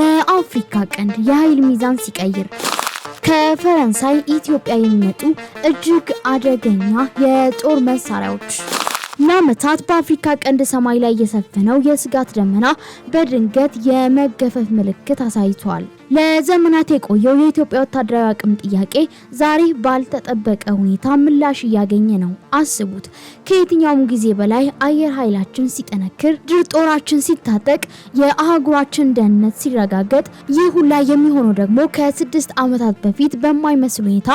የአፍሪካ ቀንድ የኃይል ሚዛን ሲቀይር ከፈረንሳይ ኢትዮጵያ የሚመጡ እጅግ አደገኛ የጦር መሳሪያዎች። ለዓመታት በአፍሪካ ቀንድ ሰማይ ላይ የሰፈነው የስጋት ደመና በድንገት የመገፈፍ ምልክት አሳይቷል። ለዘመናት የቆየው የኢትዮጵያ ወታደራዊ አቅም ጥያቄ ዛሬ ባልተጠበቀ ሁኔታ ምላሽ እያገኘ ነው። አስቡት፣ ከየትኛውም ጊዜ በላይ አየር ኃይላችን ሲጠነክር፣ ድር ጦራችን ሲታጠቅ፣ የአህጉራችን ደህንነት ሲረጋገጥ፣ ይህ ሁላ የሚሆነው ደግሞ ከስድስት ዓመታት በፊት በማይመስል ሁኔታ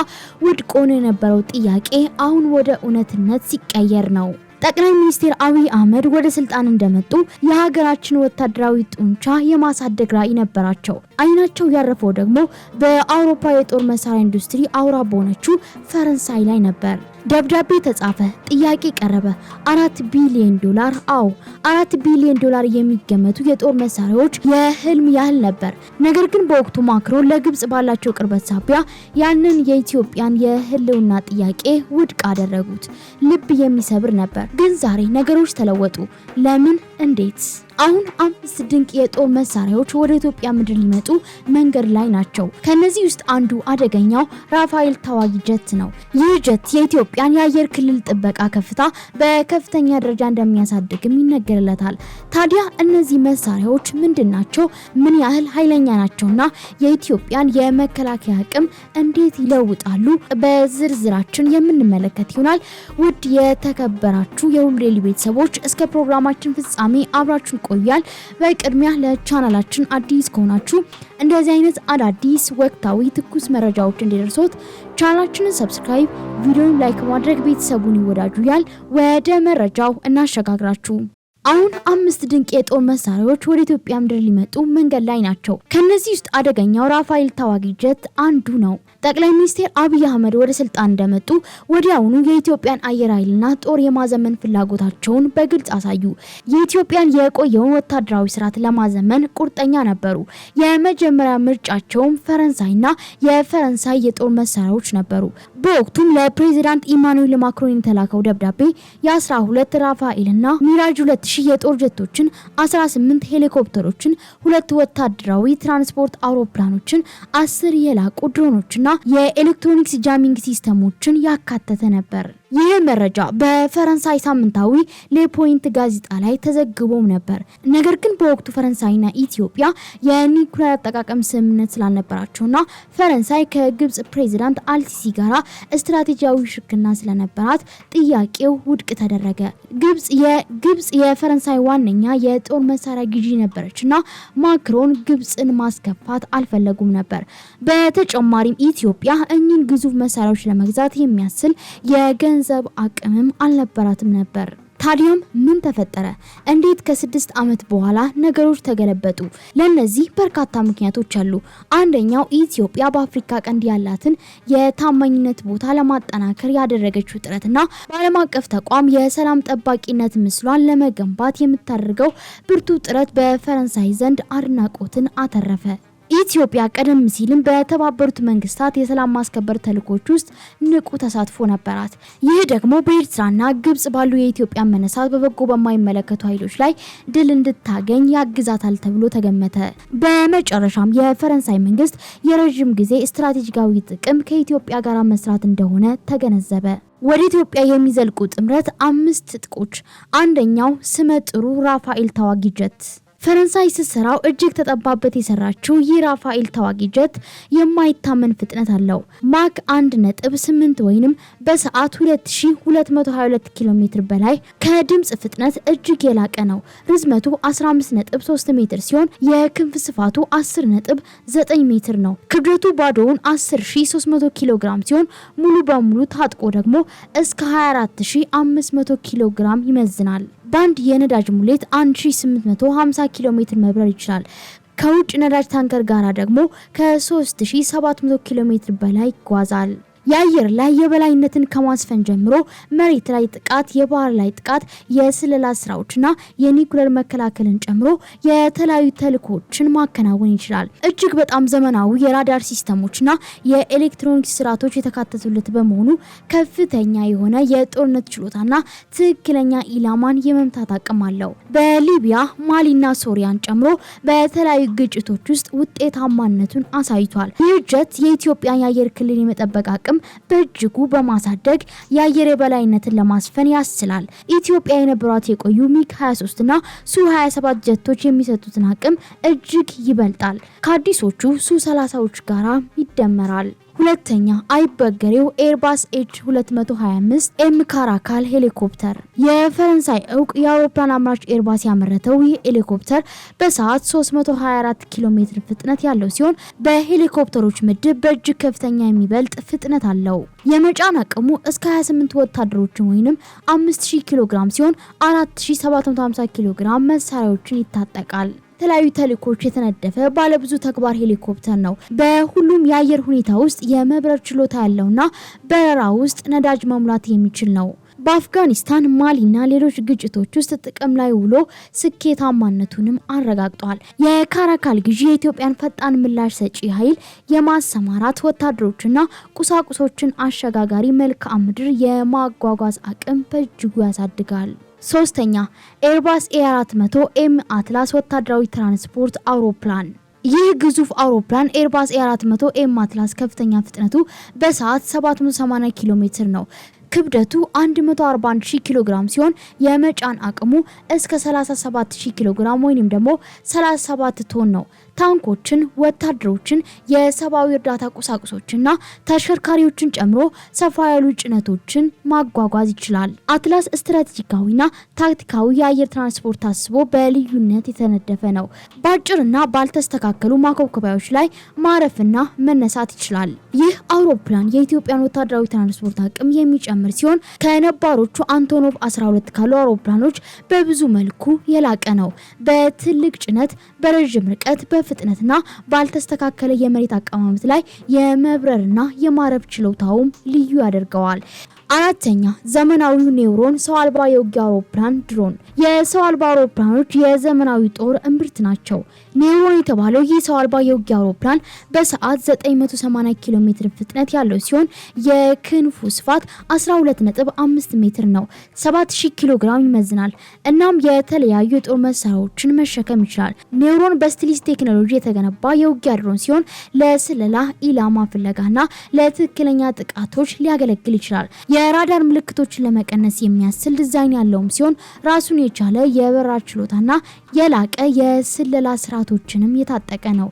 ውድቆን የነበረው ጥያቄ አሁን ወደ እውነትነት ሲቀየር ነው። ጠቅላይ ሚኒስትር አብይ አህመድ ወደ ስልጣን እንደመጡ የሀገራችን ወታደራዊ ጡንቻ የማሳደግ ራዕይ ነበራቸው። አይናቸው ያረፈው ደግሞ በአውሮፓ የጦር መሳሪያ ኢንዱስትሪ አውራ በሆነችው ፈረንሳይ ላይ ነበር። ደብዳቤ ተጻፈ፣ ጥያቄ ቀረበ። አራት ቢሊዮን ዶላር አዎ አራት ቢሊዮን ዶላር የሚገመቱ የጦር መሳሪያዎች የህልም ያህል ነበር። ነገር ግን በወቅቱ ማክሮን ለግብጽ ባላቸው ቅርበት ሳቢያ ያንን የኢትዮጵያን የህልውና ጥያቄ ውድቅ አደረጉት። ልብ የሚሰብር ነበር። ግን ዛሬ ነገሮች ተለወጡ። ለምን? እንዴት? አሁን አምስት ድንቅ የጦር መሳሪያዎች ወደ ኢትዮጵያ ምድር ሊመጡ መንገድ ላይ ናቸው። ከነዚህ ውስጥ አንዱ አደገኛው ራፋኤል ተዋጊ ጀት ነው። ይህ ጀት የኢትዮጵያን የአየር ክልል ጥበቃ ከፍታ በከፍተኛ ደረጃ እንደሚያሳድግም ይነገርለታል። ታዲያ እነዚህ መሳሪያዎች ምንድን ናቸው? ምን ያህል ኃይለኛ ናቸውና የኢትዮጵያን የመከላከያ አቅም እንዴት ይለውጣሉ? በዝርዝራችን የምንመለከት ይሆናል። ውድ የተከበራችሁ የሁሉ ዴይሊ ቤተሰቦች እስከ ፕሮግራማችን ፍጻሜ አብራችሁን ይቆያል። በቅድሚያ ለቻናላችን አዲስ ከሆናችሁ እንደዚህ አይነት አዳዲስ ወቅታዊ ትኩስ መረጃዎች እንዲደርሶት ቻናላችንን ሰብስክራይብ፣ ቪዲዮን ላይክ ማድረግ ቤተሰቡን ይወዳጁ። ያል ወደ መረጃው እናሸጋግራችሁ። አሁን አምስት ድንቅ የጦር መሳሪያዎች ወደ ኢትዮጵያ ምድር ሊመጡ መንገድ ላይ ናቸው። ከነዚህ ውስጥ አደገኛው ራፋኤል ተዋጊ ጀት አንዱ ነው። ጠቅላይ ሚኒስትር አብይ አህመድ ወደ ስልጣን እንደመጡ ወዲያውኑ የኢትዮጵያን አየር ኃይልና ጦር የማዘመን ፍላጎታቸውን በግልጽ አሳዩ። የኢትዮጵያን የቆየውን ወታደራዊ ስርዓት ለማዘመን ቁርጠኛ ነበሩ። የመጀመሪያ ምርጫቸውም ፈረንሳይና የፈረንሳይ የጦር መሳሪያዎች ነበሩ። በወቅቱም ለፕሬዚዳንት ኢማኑኤል ማክሮን የተላከው ደብዳቤ የ12 ራፋኤልና ሚራጅ 2000 የጦር ጀቶችን፣ 18 ሄሊኮፕተሮችን፣ ሁለት ወታደራዊ ትራንስፖርት አውሮፕላኖችን፣ አስር የላቁ ድሮኖችና የኤሌክትሮኒክስ ጃሚንግ ሲስተሞችን ያካተተ ነበር። ይህ መረጃ በፈረንሳይ ሳምንታዊ ሌፖይንት ጋዜጣ ላይ ተዘግቦም ነበር። ነገር ግን በወቅቱ ፈረንሳይና ኢትዮጵያ የኒኩሌር አጠቃቀም ስምምነት ስላልነበራቸውና ፈረንሳይ ከግብጽ ፕሬዚዳንት አልሲሲ ጋራ ስትራቴጂያዊ ሽርክና ስለነበራት ጥያቄው ውድቅ ተደረገ። ግብጽ የፈረንሳይ ዋነኛ የጦር መሳሪያ ግዢ ነበረችና ማክሮን ግብጽን ማስከፋት አልፈለጉም ነበር። በተጨማሪም ኢትዮጵያ እኚህን ግዙፍ መሳሪያዎች ለመግዛት የሚያስችል የገን የገንዘብ አቅምም አልነበራትም ነበር። ታዲያም ምን ተፈጠረ? እንዴት ከስድስት ዓመት በኋላ ነገሮች ተገለበጡ? ለነዚህ በርካታ ምክንያቶች አሉ። አንደኛው ኢትዮጵያ በአፍሪካ ቀንድ ያላትን የታማኝነት ቦታ ለማጠናከር ያደረገችው ጥረትና በዓለም አቀፍ ተቋም የሰላም ጠባቂነት ምስሏን ለመገንባት የምታደርገው ብርቱ ጥረት በፈረንሳይ ዘንድ አድናቆትን አተረፈ። ኢትዮጵያ ቀደም ሲልም በተባበሩት መንግስታት የሰላም ማስከበር ተልእኮች ውስጥ ንቁ ተሳትፎ ነበራት። ይህ ደግሞ በኤርትራና ግብጽ ባሉ የኢትዮጵያ መነሳት በበጎ በማይመለከቱ ኃይሎች ላይ ድል እንድታገኝ ያግዛታል ተብሎ ተገመተ። በመጨረሻም የፈረንሳይ መንግስት የረዥም ጊዜ ስትራቴጂካዊ ጥቅም ከኢትዮጵያ ጋር መስራት እንደሆነ ተገነዘበ። ወደ ኢትዮጵያ የሚዘልቁ ጥምረት አምስት ጥቆች አንደኛው ስመጥሩ ራፋኤል ተዋጊ ጀት ፈረንሳይ ስትሰራው እጅግ ተጠባበት የሰራችው ይህ ራፋኤል ተዋጊ ጀት የማይታመን ፍጥነት አለው። ማክ ነጥብ 1.8 ወይም በሰዓት 2222 ኪሎ ሜትር በላይ ከድምፅ ፍጥነት እጅግ የላቀ ነው። ርዝመቱ 15.3 ሜትር ሲሆን የክንፍ ስፋቱ 10.9 ሜትር ነው። ክብደቱ ባዶውን 10300 ኪሎ ግራም ሲሆን ሙሉ በሙሉ ታጥቆ ደግሞ እስከ 24500 ኪሎ ግራም ይመዝናል። በአንድ የነዳጅ ሙሌት 1850 ኪሎ ሜትር መብረር ይችላል። ከውጭ ነዳጅ ታንከር ጋራ ደግሞ ከ3700 ኪሎ ሜትር በላይ ይጓዛል። የአየር ላይ የበላይነትን ከማስፈን ጀምሮ መሬት ላይ ጥቃት፣ የባህር ላይ ጥቃት፣ የስለላ ስራዎችና የኒውክሌር መከላከልን ጨምሮ የተለያዩ ተልእኮችን ማከናወን ይችላል። እጅግ በጣም ዘመናዊ የራዳር ሲስተሞችና የኤሌክትሮኒክስ ስርዓቶች የተካተቱለት በመሆኑ ከፍተኛ የሆነ የጦርነት ችሎታና ትክክለኛ ኢላማን የመምታት አቅም አለው። በሊቢያ ማሊና ሶሪያን ጨምሮ በተለያዩ ግጭቶች ውስጥ ውጤታማነቱን አሳይቷል። ይህ ጀት የኢትዮጵያን የአየር ክልል የመጠበቅ አቅም በእጅጉ በማሳደግ የአየር የበላይነትን ለማስፈን ያስችላል። ኢትዮጵያ የነበሯት የቆዩ ሚግ 23 እና ሱ 27 ጀቶች የሚሰጡትን አቅም እጅግ ይበልጣል፣ ከአዲሶቹ ሱ 30ዎች ጋራ ይደመራል። ሁለተኛ አይበገሬው ኤርባስ ኤች 225 ኤም ካራካል ሄሊኮፕተር የፈረንሳይ እውቅ የአውሮፕላን አምራች ኤርባስ ያመረተው ይህ ሄሊኮፕተር በሰዓት 324 ኪሎ ሜትር ፍጥነት ያለው ሲሆን በሄሊኮፕተሮች ምድብ በእጅግ ከፍተኛ የሚበልጥ ፍጥነት አለው። የመጫን አቅሙ እስከ 28 ወታደሮችን ወይም 5000 ኪሎ ግራም ሲሆን 4750 ኪሎ ግራም መሳሪያዎችን ይታጠቃል። ለተለያዩ ተልእኮች የተነደፈ ባለብዙ ተግባር ሄሊኮፕተር ነው። በሁሉም የአየር ሁኔታ ውስጥ የመብረር ችሎታ ያለውና በረራ ውስጥ ነዳጅ መሙላት የሚችል ነው። በአፍጋኒስታን ማሊና ሌሎች ግጭቶች ውስጥ ጥቅም ላይ ውሎ ስኬታማነቱንም አረጋግጧል። የካራካል ግዢ የኢትዮጵያን ፈጣን ምላሽ ሰጪ ኃይል የማሰማራት ወታደሮችና ቁሳቁሶችን አሸጋጋሪ መልክዓ ምድር የማጓጓዝ አቅም በእጅጉ ያሳድጋል። ሶስተኛ ኤርባስ ኤ400 ኤም አትላስ ወታደራዊ ትራንስፖርት አውሮፕላን ይህ ግዙፍ አውሮፕላን ኤርባስ ኤ400 ኤም አትላስ ከፍተኛ ፍጥነቱ በሰዓት 780 ኪሎ ሜትር ነው። ክብደቱ 141000 ኪሎ ግራም ሲሆን የመጫን አቅሙ እስከ 37000 ኪሎ ግራም ወይንም ደግሞ 37 ቶን ነው። ታንኮችን፣ ወታደሮችን፣ የሰብአዊ እርዳታ ቁሳቁሶችና ተሽከርካሪዎችን ጨምሮ ሰፋ ያሉ ጭነቶችን ማጓጓዝ ይችላል። አትላስ ስትራቴጂካዊና ታክቲካዊ የአየር ትራንስፖርት ታስቦ በልዩነት የተነደፈ ነው። በአጭርና ባልተስተካከሉ ማኮብኮቢያዎች ላይ ማረፍና መነሳት ይችላል። ይህ አውሮፕላን የኢትዮጵያን ወታደራዊ ትራንስፖርት አቅም የሚጨምር ሲሆን ከነባሮቹ አንቶኖቭ 12 ካሉ አውሮፕላኖች በብዙ መልኩ የላቀ ነው። በትልቅ ጭነት፣ በረዥም ርቀት፣ በ ፍጥነትና ባልተስተካከለ የመሬት አቀማመጥ ላይ የመብረርና የማረብ ችሎታውም ልዩ ያደርገዋል። አራተኛ ዘመናዊ ኔውሮን ሰው አልባ የውጊያ አውሮፕላን ድሮን። የሰው አልባ አውሮፕላኖች የዘመናዊ ጦር እምብርት ናቸው። ኔውሮን የተባለው ይህ ሰው አልባ የውጊያ አውሮፕላን በሰዓት 980 ኪሎ ሜትር ፍጥነት ያለው ሲሆን የክንፉ ስፋት 12.5 ሜትር ነው፣ 7000 ኪሎ ግራም ይመዝናል። እናም የተለያዩ የጦር መሳሪያዎችን መሸከም ይችላል። ኔውሮን በስቲልስ ቴክኖሎጂ የተገነባ የውጊያ ድሮን ሲሆን ለስለላ፣ ኢላማ ፍለጋና ለትክክለኛ ጥቃቶች ሊያገለግል ይችላል። የራዳር ምልክቶችን ለመቀነስ የሚያስችል ዲዛይን ያለውም ሲሆን ራሱን የቻለ የበረራ ችሎታና የላቀ የስለላ ስርዓቶችንም የታጠቀ ነው።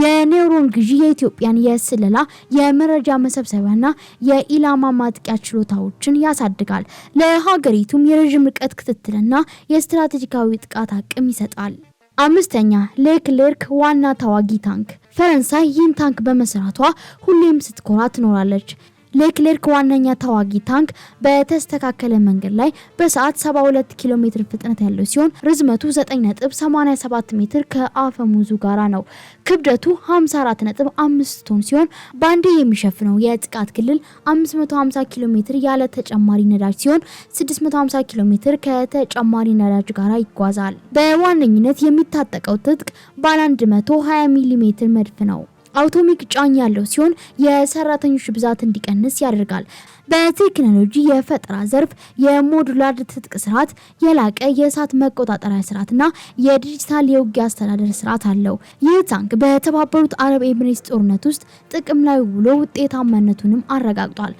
የኔውሮን ግዢ የኢትዮጵያን የስለላ የመረጃ መሰብሰቢያና የኢላማ ማጥቂያ ችሎታዎችን ያሳድጋል። ለሀገሪቱም የረዥም ርቀት ክትትልና የስትራቴጂካዊ ጥቃት አቅም ይሰጣል። አምስተኛ ሌክሌርክ ዋና ተዋጊ ታንክ። ፈረንሳይ ይህን ታንክ በመስራቷ ሁሌም ስትኮራ ትኖራለች። ሌክሌርክ ዋነኛ ተዋጊ ታንክ በተስተካከለ መንገድ ላይ በሰዓት 72 ኪሎ ሜትር ፍጥነት ያለው ሲሆን ርዝመቱ 9.87 ሜትር ከአፈሙዙ ጋራ ነው። ክብደቱ 54.5 ቶን ሲሆን በአንዴ የሚሸፍነው የጥቃት ክልል 550 ኪሎ ሜትር ያለ ተጨማሪ ነዳጅ ሲሆን 650 ኪሎ ሜትር ከተጨማሪ ነዳጅ ጋራ ይጓዛል። በዋነኝነት የሚታጠቀው ትጥቅ ባለ 120 ሚሊ ሜትር መድፍ ነው። አውቶሚክ ጫኝ ያለው ሲሆን የሰራተኞች ብዛት እንዲቀንስ ያደርጋል። በቴክኖሎጂ የፈጠራ ዘርፍ የሞዱላር ትጥቅ ስርዓት የላቀ የእሳት መቆጣጠሪያ ስርዓትና የዲጂታል የውጊያ አስተዳደር ስርዓት አለው። ይህ ታንክ በተባበሩት አረብ ኤምሬትስ ጦርነት ውስጥ ጥቅም ላይ ውሎ ውጤታማነቱንም አረጋግጧል።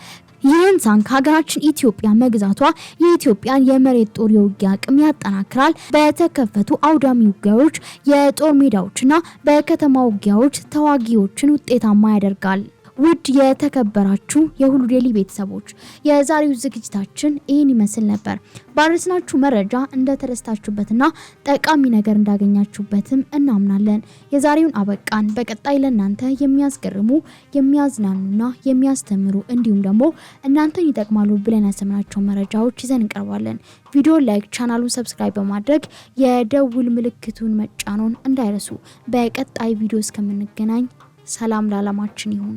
ይህን ታንክ ሀገራችን ኢትዮጵያ መግዛቷ የኢትዮጵያን የመሬት ጦር የውጊያ አቅም ያጠናክራል። በተከፈቱ አውዳሚ ውጊያዎች፣ የጦር ሜዳዎችና በከተማ ውጊያዎች ተዋጊዎችን ውጤታማ ያደርጋል። ውድ የተከበራችሁ የሁሉ ዴይሊ ቤተሰቦች የዛሬው ዝግጅታችን ይህን ይመስል ነበር። ባረስናችሁ መረጃ እንደተደስታችሁበትና ጠቃሚ ነገር እንዳገኛችሁበትም እናምናለን። የዛሬውን አበቃን። በቀጣይ ለእናንተ የሚያስገርሙ የሚያዝናኑና የሚያስተምሩ እንዲሁም ደግሞ እናንተን ይጠቅማሉ ብለን ያሰምናቸው መረጃዎች ይዘን እንቀርባለን። ቪዲዮ ላይክ፣ ቻናሉን ሰብስክራይብ በማድረግ የደውል ምልክቱን መጫኖን እንዳይረሱ። በቀጣይ ቪዲዮ እስከምንገናኝ ሰላም ለዓለማችን ይሁን።